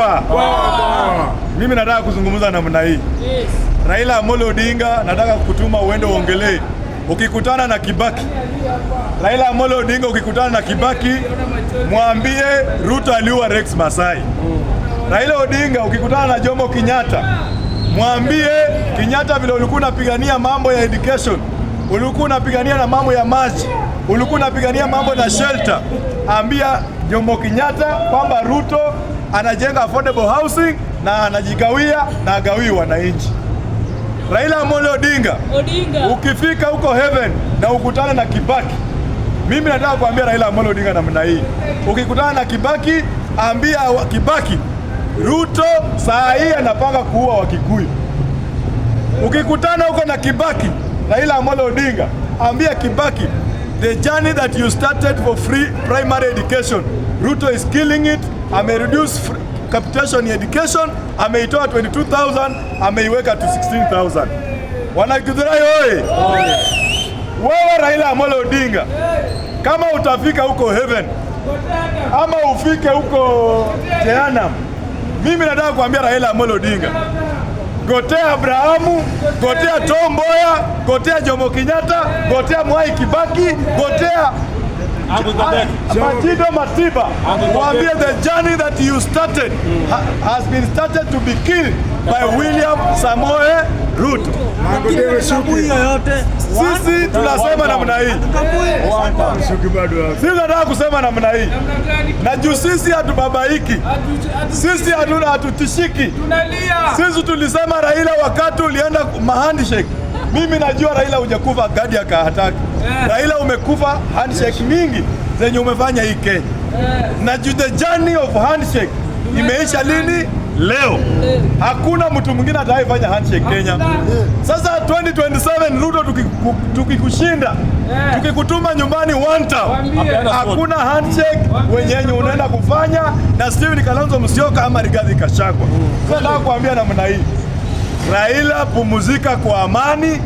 sawa. Mimi nataka kuzungumza namna hii yes. Raila Amolo Odinga, nataka kutuma uende uongelee ukikutana na Kibaki. Raila Amolo Odinga, ukikutana na Kibaki mwambie Ruto aliua Rex Masai. Raila Odinga, ukikutana na Jomo Kenyatta mwambie Kenyatta, vile ulikuwa unapigania mambo ya education, ulikuwa unapigania na mambo ya maji, ulikuwa unapigania mambo na shelter, ambia Jomo Kenyatta kwamba Ruto anajenga affordable housing na anajigawia na agawii wananchi. Raila Amolo Odinga, Odinga, ukifika huko heaven na ukutane na Kibaki, mimi nataka kuambia Raila Amolo Odinga namna hii, ukikutana na Kibaki ambia Kibaki Ruto saa hii anapanga kuua Wakikuyu. Ukikutana huko na Kibaki, Raila Amolo Odinga, ambia Kibaki the journey that you started for free primary education Ruto is killing it ame reduce capitation education ameitoa 22000 ameiweka tu 16000. Wanakithurai oye! Wewe Raila Amolo Odinga, kama utafika huko heaven ama ufike huko Jehanamu, mimi nataka kuambia Raila Amolo Odinga, gotea Abrahamu, gotea Tom Mboya, gotea Jomo Kenyatta, gotea Mwai Kibaki, gotea Majido Matiba, mwambie the journey that you started has been started to be killed by William Samoe Ruto. Sisi tunasema namna hii, sisi nataka kusema namna hii, na juu sisi hatubabaiki, sisi hatuna, hatutishiki. Sisi tulisema Raila wakati ulienda mahandshake, mimi najua Raila hujakufa gadi akahataki Raila umekufa handshake mingi zenye umefanya hii Kenya eh. na the journey of handshake imeisha lini? Leo eh. hakuna mtu mwingine atakayefanya handshake Kenya. Sasa 2027 Ruto tukikushinda, eh. tukikutuma nyumbani one time, hakuna handshake wenyenye unaenda kufanya na Steven Kalonzo Musyoka ama Rigathi Gachagua. Sasa nataka kuambia namna hii, Raila pumuzika kwa amani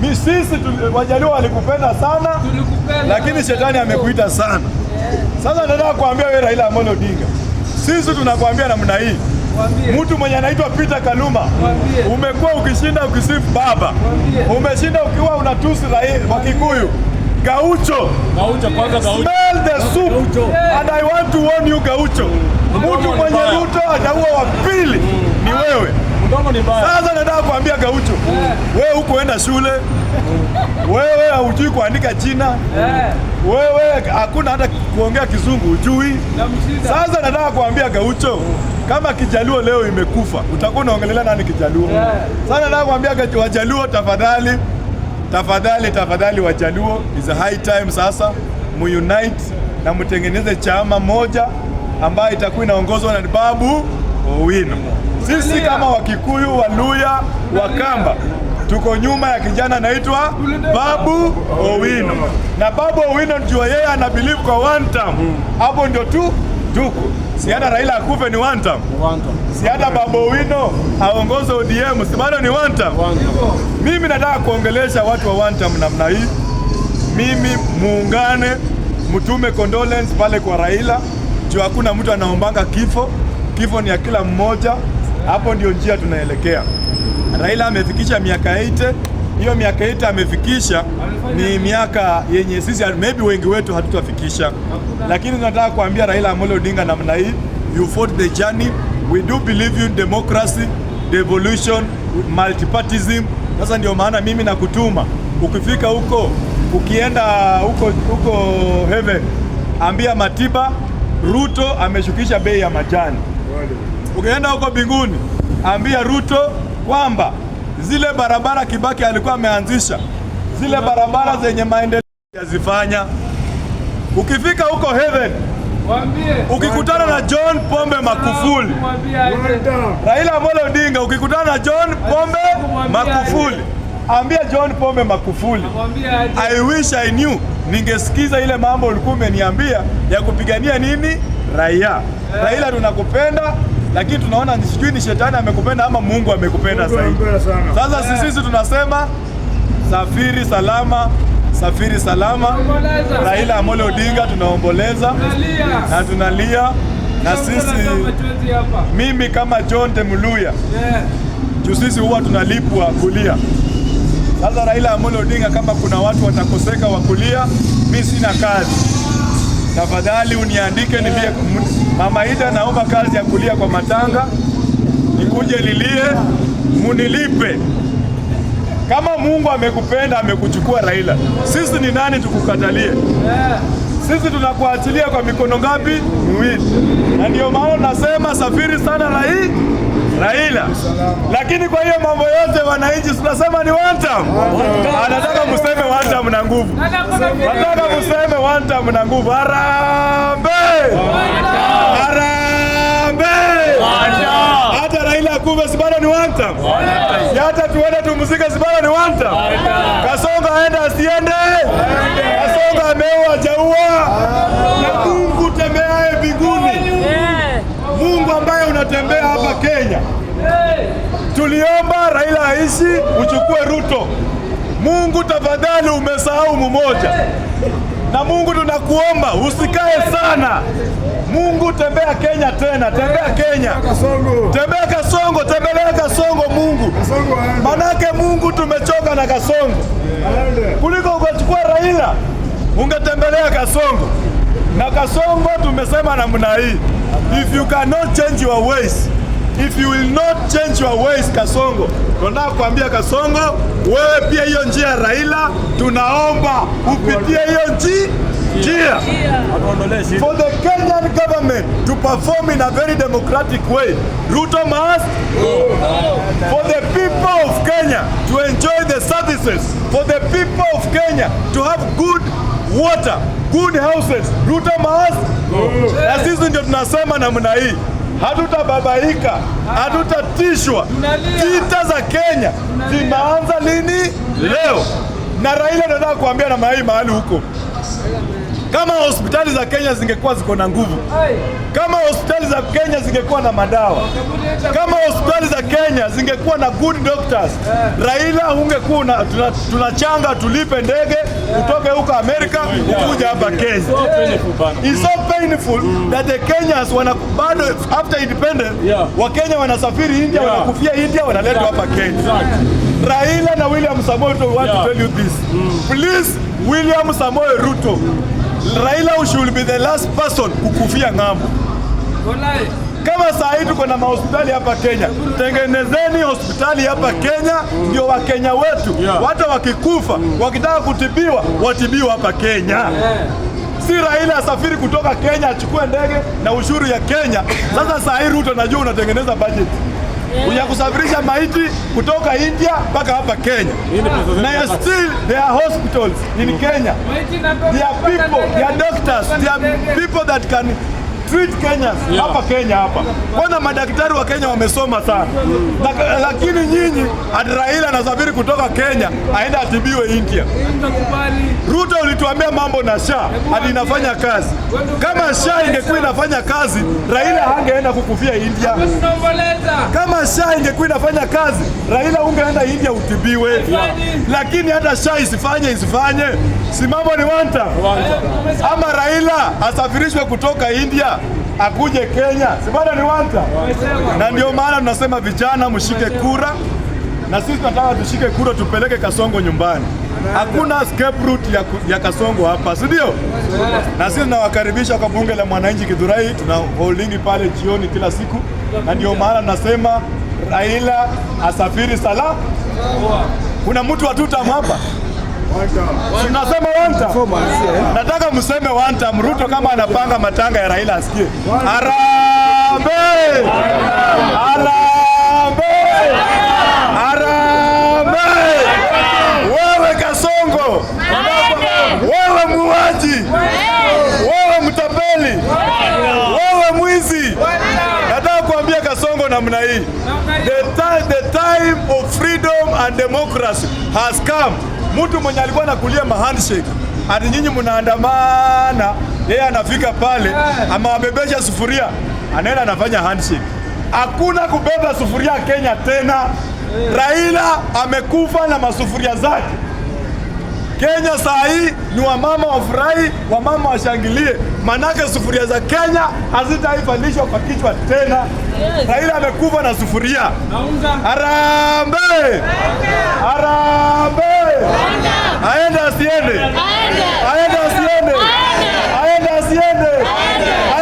mi sisi wajaliwa eh, walikupenda sana tulikupenda, lakini shetani amekuita sana yeah. Sasa nataka kuambia wewe Raila Amolo Odinga, sisi tunakwambia namna hii Mtu mwenye anaitwa Peter Kaluma, umekuwa ukishinda ukisifu baba, umeshinda ukiwa unatusi wa Kikuyu. Gaucho, smell the soup and I want to warn you Gaucho, mm. mtu mwenye Ruto ataua wa pili ni mm. wewe. Sasa nataka kuambia Gaucho, eh. wewe hukuenda shule, wewe haujui kuandika jina, eh. wewe hakuna hata kuongea kizungu ujui. Sasa nataka kuambia Gaucho, kama Kijaluo leo imekufa utakuwa unaongelelea nani Kijaluo? Eh. Sasa nataka kuambia Wajaluo, tafadhali tafadhali tafadhali, Wajaluo, is a high time sasa muunite na mtengeneze chama moja ambayo itakuwa inaongozwa na babu Owino. Sisi kama Wakikuyu, Waluya, Wakamba tuko nyuma ya kijana anaitwa Babu Owino, na Babu Owino ndio yeye ana believe kwa one term. Hmm. Hapo ndio tu tuko hata Raila akufe ni one term, hata Babu Owino aongoze ODM si bado ni one term. Mimi nataka kuongelesha watu wa one term namna hii, mimi muungane, mtume condolence pale kwa Raila juu hakuna mtu anaombanga kifo. Kifo ni ya kila mmoja. Hapo ndio njia tunaelekea. Raila amefikisha miaka 8. Hiyo miaka 8 amefikisha ni miaka yenye sisi maybe wengi wetu hatutafikisha, lakini tunataka kuambia Raila Amolo Odinga namna hii, you fought the journey, we do believe in democracy, devolution, multipartism. Sasa ndio maana mimi nakutuma, ukifika huko, ukienda huko huko heaven, ambia Matiba Ruto ameshukisha bei ya majani. Ukienda huko binguni, ambia Ruto kwamba zile barabara Kibaki alikuwa ameanzisha zile barabara zenye maendeleo yazifanya. Ukifika huko heaven, ukikutana na John Pombe Magufuli, Raila Amolo Odinga, ukikutana na John Pombe Magufuli, ambia John Pombe Magufuli, I wish I knew, ningesikiza ile mambo ulikuwa umeniambia ya kupigania nini raia Raila, tunakupenda lakini tunaona sijui ni shetani amekupenda ama Mungu amekupenda zaidi. Sasa sisi sisi tunasema safiri salama, safiri salama. Raila Amolo Odinga tunaomboleza na tunalia na sisi, mimi kama John Temuluya juu sisi huwa tunalipwa kulia. Sasa Raila Amolo Odinga, kama kuna watu watakoseka wakulia kulia, sina kazi tafadhali uniandike nilie. Mama Ida, naomba kazi ya kulia kwa matanga nikuje lilie, munilipe. Kama Mungu amekupenda amekuchukua Raila, sisi ni nani tukukatalie? Sisi tunakuachilia kwa mikono ngapi? Miwili. Na ndio maana nasema safiri sana Raila. Raila, lakini kwa hiyo mambo yote wananchi tunasema ni one term. Anataka museme one term na nguvu, anataka museme one term na nguvu. Harambe, harambe! Hata Raila kuve sibado ni one term, hata tuende tumuzike sibado ni one term. Kasonga aenda asiende, Kasonga ameo Kenya. Tuliomba Raila aishi, uchukue Ruto. Mungu tafadhali, umesahau mmoja, na Mungu tunakuomba usikae sana. Mungu tembea Kenya tena, tembea Kenya, tembea Kasongo, tembelea Kasongo Mungu, manake Mungu tumechoka na Kasongo. Kuliko ukachukua Raila, ungetembelea Kasongo na Kasongo tumesema namna hii, if you cannot change your ways If you will not change your ways Kasongo, tunataka kuambia Kasongo, wewe pia hiyo njia ya Raila tunaomba upitie hiyo njia njia for the Kenyan government to perform in a very democratic way. Ruto must go. For the people of Kenya to enjoy the services, for the people of Kenya to have good water, good houses. Ruto must go. Na sisi ndio tunasema namna hii Hatutababaika, hatutatishwa. Vita za Kenya zimeanza lini? Leo. Na Raila anataka kuambia na maai mahali huko kama hospitali za Kenya zingekuwa ziko na nguvu, kama hospitali za Kenya zingekuwa na madawa, kama hospitali za Kenya zingekuwa na good doctors, Raila ungekuwa tunachanga tulipe ndege kutoke huko Amerika ukuja hapa Kenya. It's so painful that the Kenyans wana bado after independence Wakenya wanasafiri India, wanakufia India, wanaletwa hapa Kenya. Raila na William Samoei want to tell you this. Please William Samoei Ruto Raila should be the last person kukufia ng'ambo. Kama saa hii tuko na mahospitali hapa Kenya, tengenezeni hospitali hapa Kenya ndio Wakenya wetu hata wakikufa wakitaka kutibiwa watibiwa hapa Kenya. Si Raila asafiri kutoka Kenya achukue ndege na ushuru ya Kenya. Sasa saa hii Ruto, najua unatengeneza bajeti ya kusafirisha maiti kutoka India mpaka hapa Kenya, na still there are hospitals in mm. Kenya, there are people, there are doctors, there are people that can treat Kenyans hapa Kenya hapa. Kwanza madaktari wa Kenya wamesoma sana, lakini nyinyi ati Raila anasafiri kutoka Kenya aende atibiwe India. Ruto ulituambia mambo na sha ati inafanya kazi. Kama sha ingekuwa inafanya kazi, Raila hange ameenda kukufia India. Kama sha ingekuwa inafanya kazi, Raila ungeenda India utibiwe, lakini hata sha isifanye isifanye, si ni wanta ama Raila asafirishwe kutoka India akuje Kenya, si ni wanta? Na ndio maana tunasema vijana, mshike kura, na sisi tunataka tushike kura, tupeleke Kasongo nyumbani hakuna escape route ya, ya Kasongo hapa, si ndio? Na sisi tunawakaribisha kwa bunge la mwananchi Githurai, tuna holding pale jioni kila siku, na ndio maana nasema Raila asafiri sala. Kuna mtu wa tutam hapa Tunasema wanta. nataka mseme wanta Ruto kama anapanga matanga ya Raila asikie. Harambee! Wewe muuaji, wewe mtapeli, wewe mwizi. Nataka kuambia Kasongo namna hii, the time of freedom and democracy has come. Mtu mwenye alikuwa nakulia mahandshake ati nyinyi mnaandamana, yeye anafika pale, amewabebesha sufuria, anaenda anafanya handshake. Hakuna kubeba sufuria Kenya tena. Raila amekufa na masufuria zake. Kenya saa hii ni wamama wafurahi, wamama washangilie, manake sufuria za Kenya hazitaipandishwa kwa kichwa tena. Raila amekufa na sufuria. Arambe, arambe, Aende asiende! Aende asiende! Aende asiende!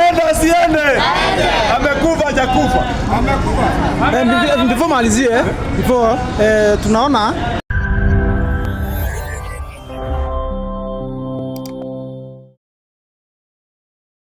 Aende asiende! Amekufa hajakufa. Amekufa. malizie, before tunaona